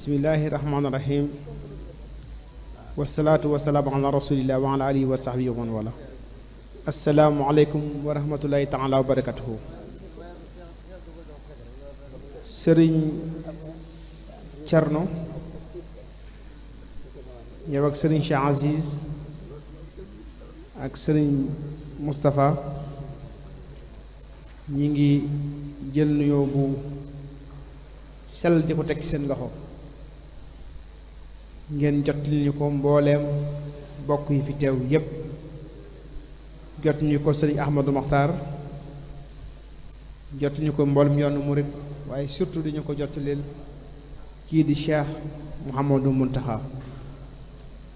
bismillahi rahmaani rahim wasalaatu wasalaamu ala rasulillah wa ala alihi wa sahbihi wa man wala asalaamualeykum wa rahmatullahi taala wa barakatuhu sëriñ Cerno ñëw ak sëriñ Cheikh Aziz ak sëriñ Moustapha ñi ngi jël nuyoo bu sell di ko teg seen loxo ngeen jot ñu ko mbooleem bokk yi fi teew yépp jot ñu ko sëriñ Ahmadou Maxtaar jot ñu ko mboolem yoonu murit waaye surtout dañu ko jottaleel kii di Cheikh Mouhamadou Mountakha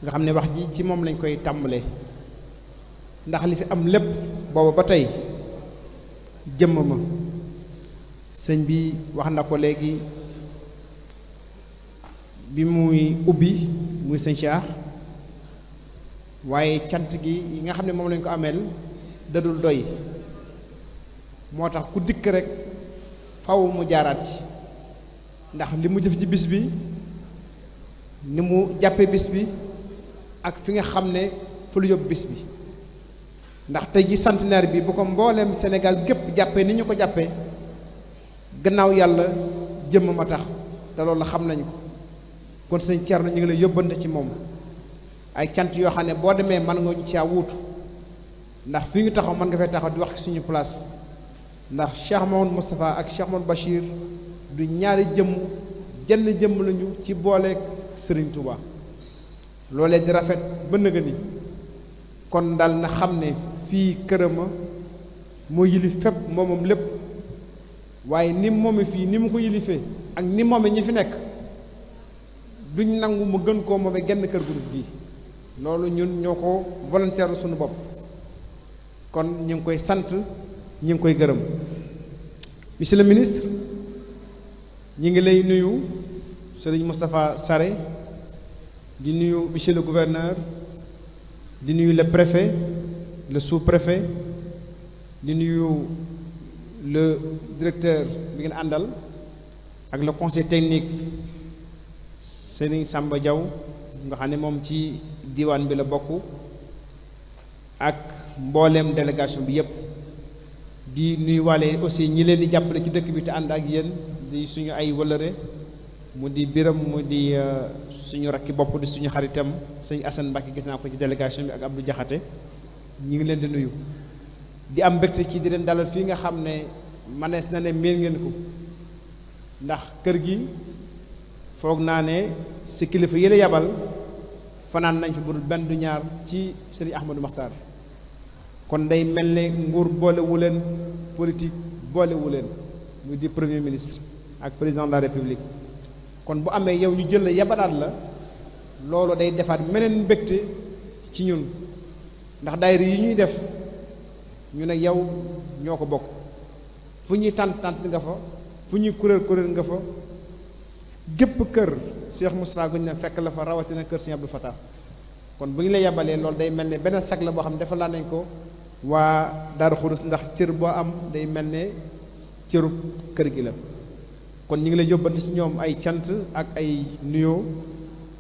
nga xam ne wax ji ci moom lañ koy tàmbale ndax li fi am lépp booba ba tey jëmm ma sëñ bi wax na ko léegi bi muy ubbi muy sëñ waaye cant gi yi nga xam ne moom lañ ko ameel dadul doy moo tax ku dikk rek faw mu jaaraat ji ndax li mu jëf ci bis bi ni mu jàppee bis bi ak fi nga xam ne fu lu yóbbu bis bi ndax tey ji centenaire bi bu ko mbooleem senegal képp jàppee ni ñu ko jàppee gannaaw yàlla jëmm ma tax te loolu la xam nañu ko kon sëñ Thierno ñu ngi lay yóbbante ci moom ay cant yoo xam ne boo demee man nga ñu caa wuutu ndax fi ñu taxaw man nga fay taxaw di wax ci suñu place ndax Cheikh Mamadou Moustapha ak Cheikh Mamadou Bachir du ñaari jëmm jenn jëmm lañu ci booleeg sëriñ Touba loolee di rafet ba nëgë ni kon dal na xam ne fii kërama moo yili fépp moomam lépp waaye ni moome fii ni mu ko yilifee ak ni moome ñi fi nekk duñ nangu mu gën koo moomee genn kër groupe gi loolu ñun ñoo ko volontaire suñu bopp kon ñu ngi koy sant ñu ngi koy gërëm monsieur le ministre ñu ngi lay nuyu sëriñ Moustapha Sare di nuyu monsieur le gouverneur di nuyu le préfet le sous-préfet di nuyu le directeur bi ngeen àndal ak le conseil technique Serigne Samba Diaw nga xam ne moom ci diwaan bi la bokk ak mbooleem délégation bi yépp di nuyuwaale aussi ñi leen di jàppale ci dëkk bi te ànd ak yéen di suñu ay wëlëre mu di biram mu di euh, suñu rakki bopp di suñu xaritam sëñ Assane Mbacke gis naa ko ci délégation bi ak Abdou jaxate ñu ngi leen di nuyu di am mbégte ci di leen dalal fii nga xam ne manees na ne miin ngeen ko ndax kër gi foog naa ne si kilifa yële yabal fanaan nañ fi budul benn du ñaar ci sëriñ Ahmadou Maxtaar kon day mel ne nguur boolewu leen politique boolewu leen muy di premier ministre ak président la république kon bu amee yow ñu jël la yabalaat la loolu day defaat meneen mbégte ci ñun ndax daayira yi ñuy def ñu ne yow ñoo ko bokk fu ñuy tànt tànt nga fa fu ñuy kuréel kuréel nga fa gépp kër Cheikh Moustapha guñ ne fekk la fa rawatina kër Serigne Abdou Fatah kon bu ñu la yebalee loolu day mel ne benn sag la boo xam ne defal nañ ko waa dara Xurus ndax cër boo am day mel ne cëru kër gi la kon ñu ngi lay yóbbante ci ñoom ay cant ak ay nuyoo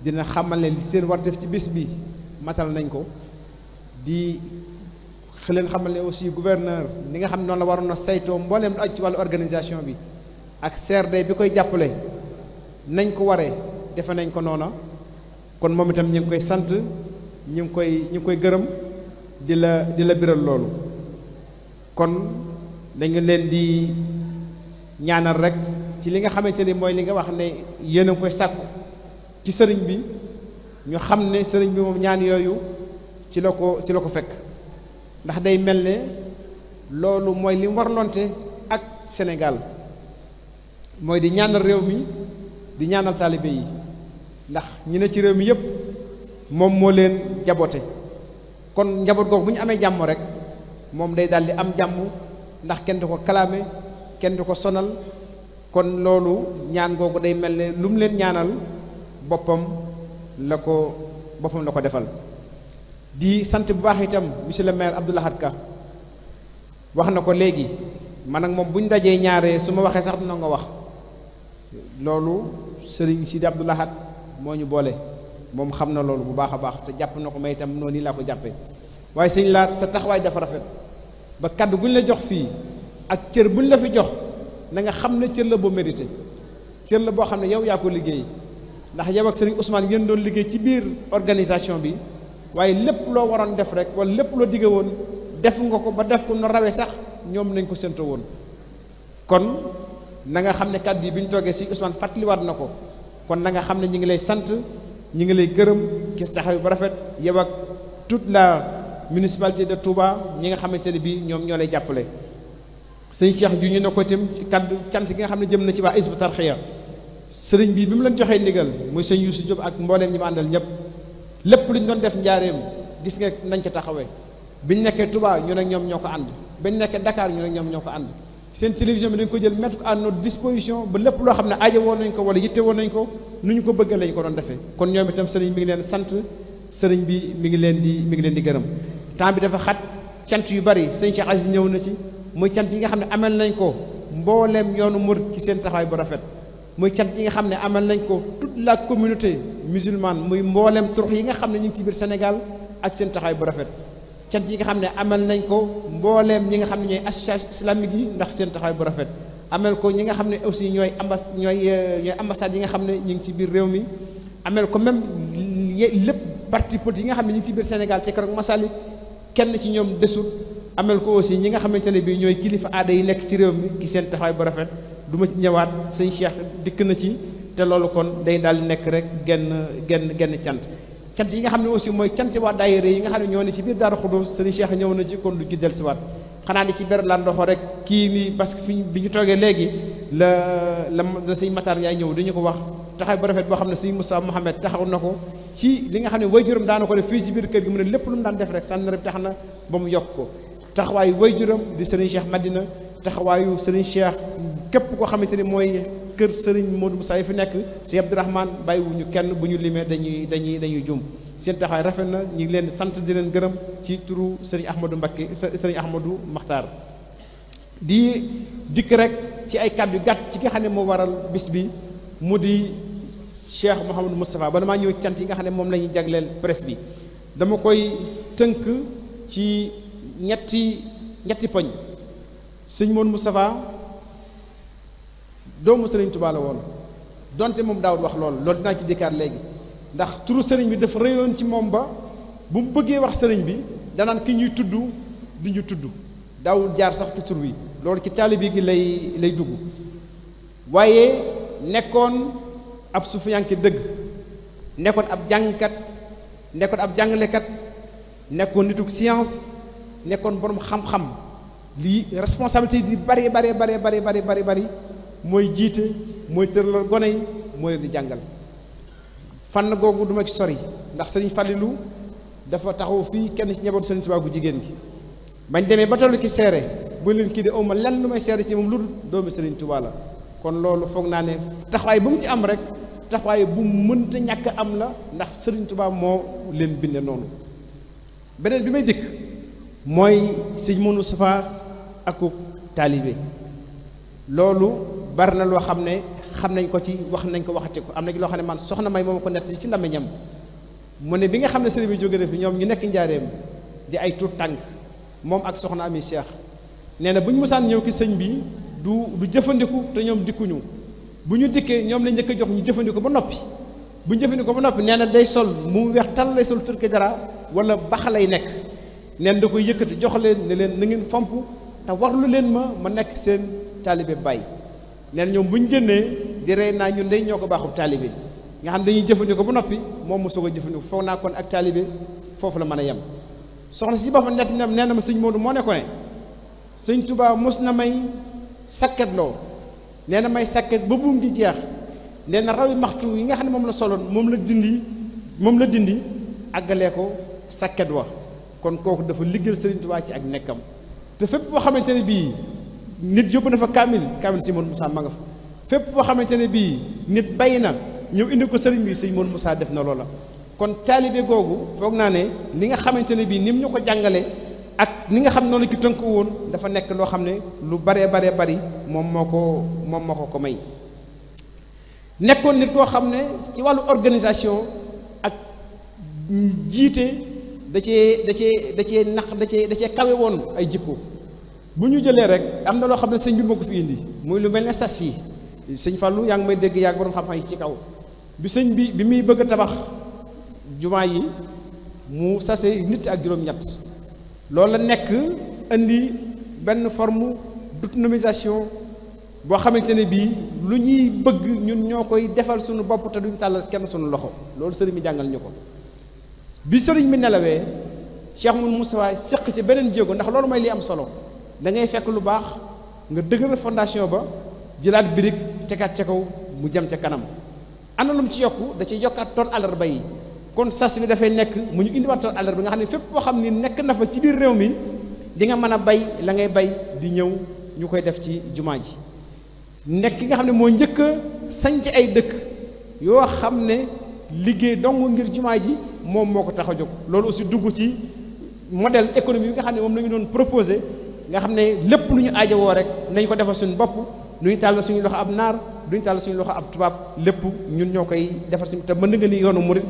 dina xamal ne seen warteef ci bis bi matal nañ ko di leen xamal ne aussi gouverneur ni nga xam ne noonu la waroon na saytoo mbooleem lu aj ci wàllu organisation bi ak CRD bi koy jàppale nañ ko waree defe nañ ko noona kon moom itam ñu ngi koy sant ñu ngi koy ñu koy gërëm di la di la biral loolu kon dañu leen di ñaanal rek ci li nga xamante ni mooy li nga wax ne yéen a koy sàkku ci sëriñ bi ñu xam ne sëriñ bi moom ñaan yooyu ci la ko ci la ko fekk ndax day mel ne loolu mooy li mu warlonte ak Sénégal mooy di ñaanal réew mi di ñaanal taalibe yi ndax ñi ne ci réew mi yépp moom moo leen jaboote kon njaboot googu bu ñu amee jàmm rek moom day daal di am jàmm ndax kenn du ko kalaame kenn du ko sonal kon loolu ñaan googu day mel ne lu mu leen ñaanal boppam la ko boppam la ko defal di sant bu baax itam monsieur le maire Abdou Ka wax na ko léegi man ak moom bu ñu dajee ñaaree su ma waxee sax du nga wax loolu sëriñ si Abdou Lahad moo ñu boole moom xam na loolu bu baax a baax te jàpp na ko may itam noonu laa ko jàppee waaye sëñ laat sa taxawaay dafa rafet ba kàddu bu ñu la jox fii ak cër bu ñu la fi jox na nga xam ne cër la boo mérité cër la boo xam ne yow yaa ko liggéey ndax yow ak sëriñ Ousmane ngeen doon liggéey ci biir organisation bi waaye lépp loo waroon def rek wala lépp loo digge woon def nga ko ba def ko no rawee sax ñoom nañ ko séntoo woon na nga xam ne kàddu yi bi ñu toogee si Ousmane fàttaliwaat na ko kon nanga xam ne ñu ngi lay sant ñu ngi lay gërëm gis taxaw ba rafet yow ak toute la municipalité de Touba ñi nga xamante ne bii ñoom ñoo lay jàppale. sëñ Cheikh ju ñu ne ko itam kàddu cant gi nga xam ne jëm na ci waa Hizbut Tarqiyyah sëriñ bi bi mu leen joxee ndigal muy sëñ Youssou Diop ak mbooleem ñi ma àndal ñëpp lépp lu ñu doon def njaareem gis nga nañ ko taxawee biñ nekkee Touba ñu ne ñoom ñoo ko ànd bañ nekkee Dakar ñu ne ñoom ñoo ko ànd seen télévision bi dañ ko jël mettre ko à disposition ba lépp loo xam ne aajo woon nañ ko wala yitte woon nañ ko nu ñu ko bëggee lañ ko doon defee kon ñoom itam sëriñ mi ngi leen sant sëriñ bi mi ngi leen di mi ngi leen di gërëm temps bi dafa xat cant yu bari sëñ Cheikh ñëw na ci muy cant yi nga xam ne amal nañ ko mbooleem yoonu murid ki seen taxawaay bu rafet muy cant yi nga xam ne amal nañ ko toute la communauté musulmane muy mbooleem turux yi nga xam ne ñu ngi ci biir Sénégal a seen bu rafet cant yi nga xam ne amal nañ ko mbooleem ñi nga xam ne ñooy association islamique yi ndax seen taxawaay bu rafet amal ko ñi nga xam ne aussi ñooy ambas ñooy euh, ñooy ambassades yi nga xam ne ñu ngi ci biir réew mi amal ko même lépp parti politique yi nga xam ne ñu ngi ci biir Sénégal ci keroog Masalik kenn ci ñoom desul amal ko aussi ñi nga xamante ne bii ñooy kilifa aada yi nekk ci réew mi ki seen taxawaay bu rafet du ma ñëwaat sëñ Cheikh dikk na ci te loolu kon day daal di nekk rek genn genn genn cant cant yi nga xam ne aussi mooy canti waa daayira yi nga xam ne ñoo ne ci biir Daaru Xudoos sëriñ Cheikh ñëw na ci kon du ci del siwaat xanaa di ci berlaan loxo rek kii nii parce fi bi ñu toogee léegi la la la sëñ Matar Ndiaye ñëw dañu ko wax taxaw ba rafet boo xam ne si Moussa Mohamed taxaw na ko ci li nga xam ne way juróom daana ko fii ci biir kër gi mu ne lépp lu mu daan def rek sànni rek tax na ba mu yokk ko taxawaayu way juróom di sëriñ Cheikh Madina taxawaayu sëriñ Cheikh képp koo xamante ni mooy kër sëriñ Modou Moussa yi fi nekk si Abdourahmane bàyyiwuñu kenn bu ñu limee dañuy dañuy dañuy jum seen taxawaay rafet na ñu ngi leen sant di leen gërëm ci turu sëriñ Ahmadou Mbacké sëriñ Ahmadou Makhtar di dikk rek ci ay kàddu gàtt ci nga xam ne moo waral bis bi mu di Cheikh Mouhamadou Moustapha bala maa ñëw cant yi nga xam ne moom lañuy ñuy jagleel presse bi dama koy tënk ci ñetti ñetti poñ sëñ Modou Moustapha doomu sëriñ Tuubaa la woon donte moom daawut wax loolu loolu dinaa ci dikkaat léegi ndax turu sëriñ bi dafa rëyoon ci moom ba bu mu bëggee wax sëriñ bi danaan ki ñuy tudd di ñu tudd daawul jaar sax ci tur wi loolu ci taalibi gi lay lay dugg waaye nekkoon ab sufiyanke dëgg nekkoon ab jàngkat nekkoon ab jàngalekat nekkoon nituk science nekkoon boroom xam-xam lii responsabilité di bari bari bari bari bari bari bari mooy jiite mooy tëralal gone yi moo leen di jàngal fànn googu duma ci sori ndax sëriñ Falilu dafa taxaw fii kenn ci njabootu sëriñ Tuubaa gu jigéen gi bañ demee ba tollu ci seere bu leen kii de awma lenn lu may seere ci moom lu dul doomi sëriñ Tuubaa la kon loolu foog naa ne taxawaay bu mu ci am rek taxawaay bu mu mënta ñàkk am la ndax sëriñ tubaab moo leen binde noonu beneen bi may dikk mooy sëñ Moustapha akuk taalibe loolu bari na loo xam ne xam nañ ko ci wax nañ ko waxati ko am na loo xam ne man soxna may moom ko nett si ci làmmiñam mu ne bi nga xam ne sëriñ bi jóge na fi ñoom ñu nekk njaareem di ay tuut tànk moom ak soxna ami Cheikh nee na bu ñu mosaan ñëw ki sëñ bi du du jëfandiku te ñoom dikkuñu bu ñu dikkee ñoom la njëkk a jox ñu jëfandiku ba noppi bu ñu jëfandikoo ba noppi nee na day sol mu weex tal lay sol turki dara wala bax lay nekk neen da koy yëkkati jox leen ne leen na ngeen fomp te warlu leen ma ma nekk seen taalibe Baye. neen ñoom bu ñu génnee di rey naa ñun day ñoo ko baaxub taalibe nga xam dañuy jëfandikoo ba noppi moom mosoo soog a jëfandikoo foog naa kon ak taalibe foofu la mën a yem soxla si boppam nett nem nee na ma sëñ Moodu moo ne sëñ Tuubaa mos na may sakkatloo nee na may sakkat ba di jeex nee na rawi maxtu yi nga xam ne moom la soloon moom la dindi moom la dindi àggalee ko sakkat wa kon kooku dafa liggéeyal sëriñ Tuubaa ak nekkam te fépp boo xamante bii nit yóbbu na fa kaamil kaamil sëñ Modou Moussa ma nga fa fépp boo xamante ne bii nit bay na ñëw indi ko sëriñ si sëñ Modou saa def na la kon taalibe googu foog naa ne li nga xamante ne bii ni mu ñu ko jàngale ak ni nga xam noonu ki tënk woon dafa nekk loo xam ne lu baree baree bari moom moo ko moom moo ko ko may nekkoon nit koo xam ne ci wàllu organisation ak jiite da cee da cee da cee nax da cee da cee kawe woon ay jikko bu ñu jëlee rek am na loo xam ne sëñ bi moo ko fi indi muy lu mel ne sas yi sëñ Fallou yaa ngi may dégg yaa ngi borom xam-xam yi ci kaw bi sëñ bi bi muy bëgg tabax jumaa yi mu sase nit ak juróom-ñett loolu la nekk indi benn forme d'autonomisation boo xamante ne bii lu ñuy bëgg ñun ñoo koy defal suñu bopp te duñ tàllal kenn suñu loxo loolu sëriñ mi jàngal ñu ko bi sëriñ bi nelawee Cheikh Moustapha seq ci beneen jéego ndax loolu mooy li am solo. da ngay fekk lu baax nga dëgëral fondation ba jëlaat birig tegaat ca kaw mu jëm ca kanam ana lu ci yokku da ci yokkaat tool àllarba yi kon sas bi dafay nekk mu ñu indiwaat tool àllarba nga xam ne fépp foo xam ni nekk na fa ci biir réew mi di nga mën a bay la ngay bay di ñëw ñu koy def ci jumaa ji nekk ki nga xam ne moo njëkk a sanc ay dëkk yoo xam ne liggéey dong ngir jumaa ji moom moo ko tax a jóg loolu aussi dugg ci modèle économique bi nga xam ne moom la doon proposé nga xam ne lépp lu ñu aajowoo rek nañ ko defal suñu bopp duñu tàll suñu loxo ab naar duñu tàll suñu loxo ab tubaab lépp ñun ñoo koy defar suñu te mën nga ni yoonu mu murit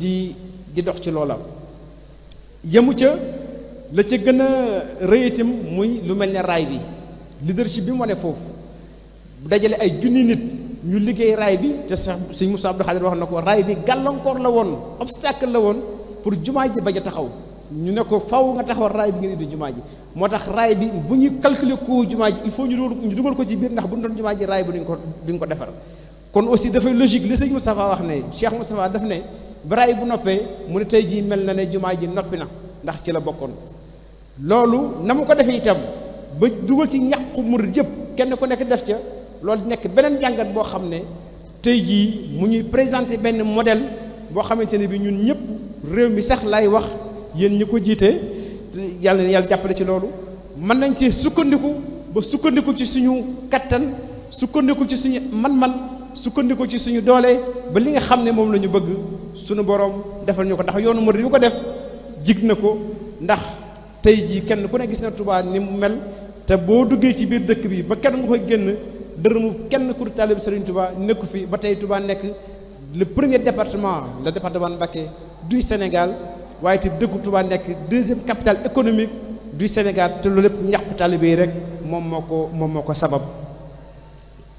di di dox ci loola yemu ca la ca gën a rëy muy lu mel ne raay bi leadership bi mu ne foofu dajale ay junni nit ñu liggéey raay bi te sax suñu Moussa Abdou Khadir wax na ko raay bi gàllankoor la woon obstacle la woon pour jumaa ji ba a taxaw ñu ne ko faw nga taxawal raay bi ngeen indi jumaa ji moo tax raay bi bu ñu calculer ko jumaa ji il faut ñu ñu dugal ko ci biir ndax bu ñu doon jumaa ji raay bi duñ ko duñ ko defar kon aussi dafay logique li sëñ Moustapha wax ne Cheikh Moustapha daf ne ba raay bu noppee mu ne tey jii mel na ne jumaa ji noppi na ndax ci la bokkoon loolu na mu ko defee itam ba dugal ci ñàqu murid yëpp kenn ku nekk def ca loolu nekk beneen jàngat boo xam ne tey jii mu ñuy présenté benn modèle boo xamante ne bi ñun ñëpp réew mi sax lay wax yéen ñi ko jiite yàlla na yàlla jàppale ci loolu mën nañ cee sukkandiku ba sukkandiku ci suñu kattan sukkandiku ci suñu man-man sukkandiku ci suñu doole ba li nga xam ne moom la ñu bëgg suñu boroom defal ñu ko ndax yoonu murid bi ko def jig na ko ndax tey jii kenn ku ne gis na Tuubaa ni mu mel te boo duggee ci biir dëkk bi ba kenn nga koy génn dërëmu kenn ku taalib Serigne Touba nekku fi ba tey Touba nekk le premier département le département Mbacké du Sénégal waaye te dëkku Touba nekk deuxième capital économique du Sénégal te loolu ñax ñàkku taalibe yi rek moom moo ko moom moo ko sabab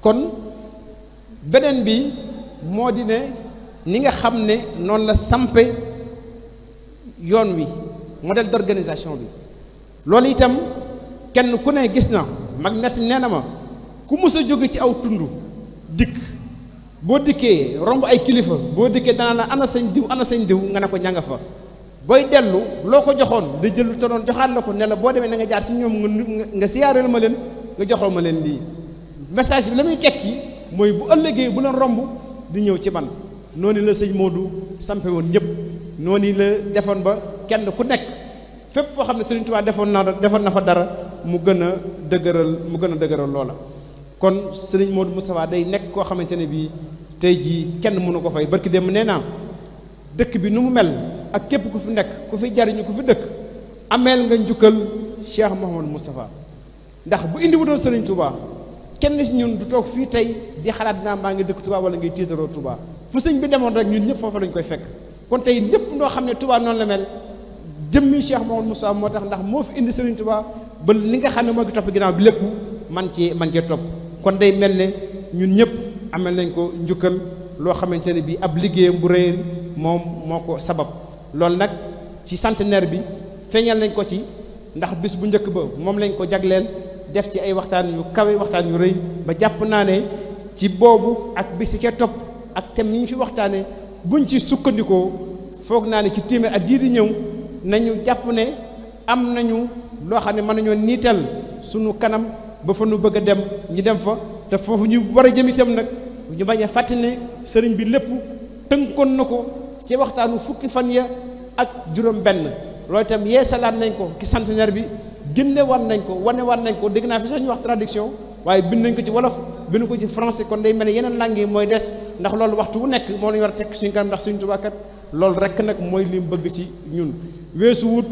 kon beneen bi moo di ne ni nga xam ne noonu la sampe yoon wi modèle d'organisation bi loolu itam kenn ku ne gis na mag nett nee na ma ku mës a jóge ci aw tund dikk boo dikkee romb ay kilifa boo dikkee danaa na ana sañ diw ana sañ diw nga ne ko ña nga fa booy dellu loo ko joxoon da jël te doon joxaat la ko ne la boo demee na nga jaar ci ñoom nga nga siyaareel ma leen nga joxoo ma leen lii message bi la muy tekki mooy bu ëllëgee bu leen romb di ñëw ci man noonu la sëñ Modou sampe woon ñëpp noonu la defoon ba kenn ku nekk fépp foo xam ne Sëriñ Tuubaa defoon na defoon na fa dara mu gën a dëgëral mu gën a dëgëral loola kon sëriñ Modou Moustapha day nekk koo xamante ne bii tey jii kenn mënu ko fay barki dem nee naa dëkk bi nu mu mel ak képp ku fi nekk ku fi jariñu ku fi dëkk ameel nga njukkal Cheikh Mouhamadou Moustapha ndax bu indi wutoon Serigne tubaa kenn si ñun du toog fii tey di xalaat naa maa ngi dëkk tubaa wala ngay tiitaroo tubaa fu sëñ bi demoon rek ñun ñëpp foofa lañ koy fekk kon tey ñëpp noo xam ne Touba noonu la mel jëmmi Cheikh Mouhamadou Moustapha moo tax ndax moo fi indi Serigne Touba ba li nga xam ne moo ngi topp ginnaaw bi lépp man cee man cee topp kon dey mel ne ñun ñëpp amel nañ ko njukkal loo xamante ne bii ab liggéeyam bu rëy moom moo ko sabab loolu nag ci centenaire bi feeñal nañ ko ci ndax bis bu njëkk ba moom lañ ko jagleel def ci ay waxtaan yu kawe waxtaan yu rëy ba jàpp naa ne ci boobu ak bisi ca topp ak thème yi ñu fi waxtaane buñ ci sukkandikoo foog naa ne ci téeméer at yii ñëw nañu jàpp ne am nañu loo xam ne mën nañoo niital sunu kanam ba fa nu bëgg a dem ñu dem fa te foofu ñu war a jëmitam nag ñu bañ a sëriñ bi lépp tënkoon na ko ci waxtaanu fukki fan ya ak juróom-benn loolu itam yeesalaat nañ ko ci centenaire bi génne war nañ ko wane wan nañ ko dégg naa fi sax ñu wax tradition waaye bind nañ ko ci wolof bind ko ci français kon day mel ne yeneen langue yi mooy des ndax loolu waxtu wu nekk moo la war a tekk suñu kanam ndax suñu tubaakat loolu rek nag mooy li mu bëgg ci ñun weesu wut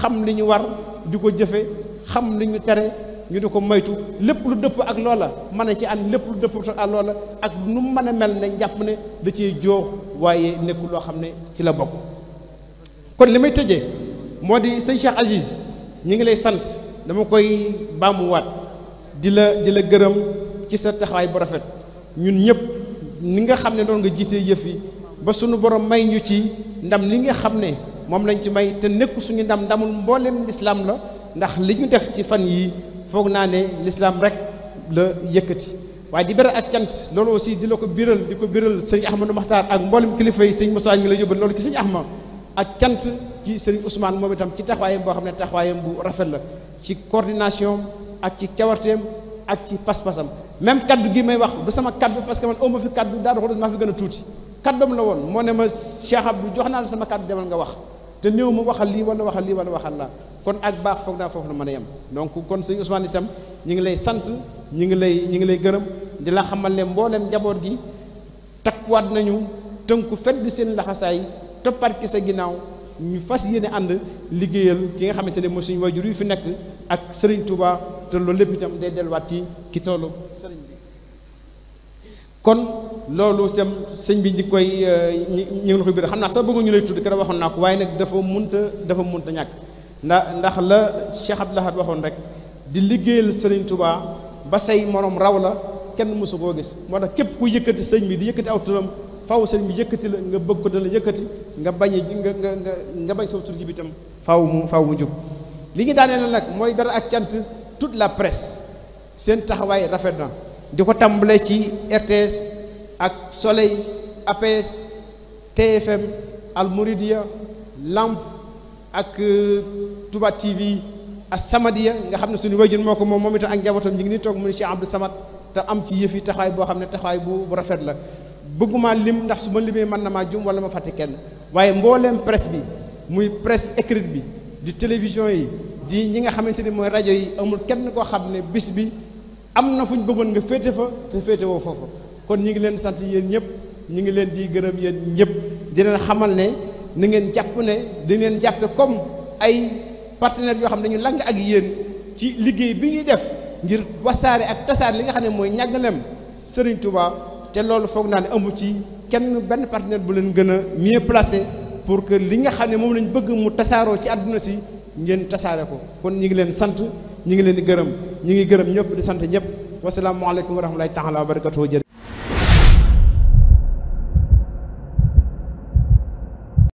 xam li ñu war di ko jëfe xam li ñu tere. ñu di ko maytu lépp lu dëpp ak loola mën a ci ànd lépp lu dëpp ak loola ak nu mu mën a mel ne njàpp ne da cee joox waaye nekkul loo xam ne ci la bokk kon li may tëjee moo di sëñ Cheikh Aziz ñi ngi lay sant dama koy baamuwaat di la di la gërëm ci sa taxawaay bu rafet ñun ñëpp ni nga xam ne doon nga jiitee yëf yi ba suñu borom may ñu ci ndam li nga xam ne moom lañ ci may te nekku suñu ndam ndamul mbooleem lislaam la ndax li ñu def ci fan yii foog naa ne lislaam rek la yëkkëti waaye di beral ak cant loolu aussi di la ko biral di ko biral sëñ Ahmadou Maxtaar ak mboolem kilifa yi sëñ Moussa mi la yóbbal loolu ki sëñ Ahmad ak cant ci sëriñ Ousmane moom itam ci taxawaayam boo xam ne taxawaayam bu rafet la ci coordination ak ci cawarteem ak ci pas-pasam même kaddu gi may wax du sama kaddu parce que man aw ma fi kaddu daa doxul maa fi gën a tuuti kaddoom la woon moo ne ma Cheikh Abdou jox naa la sama kàddu demal nga wax te néew ma waxal lii wala waxal lii wala waxal laa kon ak baax foog naa foofu la mën a yem donc kon sëñ Ousmane tam ñu ngi lay sant ñu ngi lay ñi ngi lay gërëm di la xamal ne mboolem njaboot gi takkuwaat nañu tënku fet di seen laxasaay toppaat ki sa ginnaaw ñu fas yéene ànd liggéeyal ki nga xamante ne mooy suñu jur yu fi nekk ak sëriñ Touba te loolu lépp itam day delluwaat ci ki toolu sëriñ bi kon loolu itam sëñ bi ñi koy euh, ñu ngi la koy biir xam naa sax bëgg ñu lay tudd keroog waxoon naa ko waaye nag dafa munta dafa munta ñàkk ndax ndax la Cheikh Abdoul Ahad waxoon rek di liggéeyal sëriñ Touba ba say morom raw la kenn mësu koo gis moo tax képp ku yëkkati sëñ bi di yëkkati aw turam faw sëñ bi yëkkati la nga bëgg ko la yëkkati nga bañ nga nga nga nga bañ sa tur ji bi tam faw mu faw mu jub li ñu daanee nag mooy dara ak cant tout la presse seen taxawaay rafet na di ko tàmbale ci RTS ak Soleil APS TFM Al Lamp ak euh, Touba TV As-Samadiyya nga xam ne suñu wayjun moo ko moom moom itam ak njabootam ñu ngi ni toog mu ne Cheikh Abdou Samad te am ci yëf yi taxawaay boo xam ne taxawaay bu bu rafet la bëgguma lim ndax su ma limee man na maa jum wala ma fàtte kenn waaye mbooleem presse bi muy presse écrite bi di télévision yi di ñi nga xamante ni mooy rajo yi amul kenn koo xam ne bis bi am na fu ñu bëggoon nga féete fa te féete woo foofu kon ñu ngi leen sant yéen ñëpp ñu ngi leen di gërëm yéen ñëpp di leen xamal ne ni ngeen jàpp ne di ngeen jàppe comme ay partenaires yoo xam ne dañu lang ak yéen ci liggéey bi ñuy def ngir wasaare ak tasaare li nga xam ne mooy ñàggalem Serigne Touba te loolu foog naa ne amu ci kenn benn partenaire bu leen gën a mieux placé pour que li nga xam ne moom lañ bëgg mu tasaaroo ci àdduna si ngeen tasaare ko kon ñu ngi leen sant ñu ngi leen di gërëm ñu ngi gërëm ñëpp di sant ñëpp wasalaamualeykum wa rahmatulahi taala wa barakatuh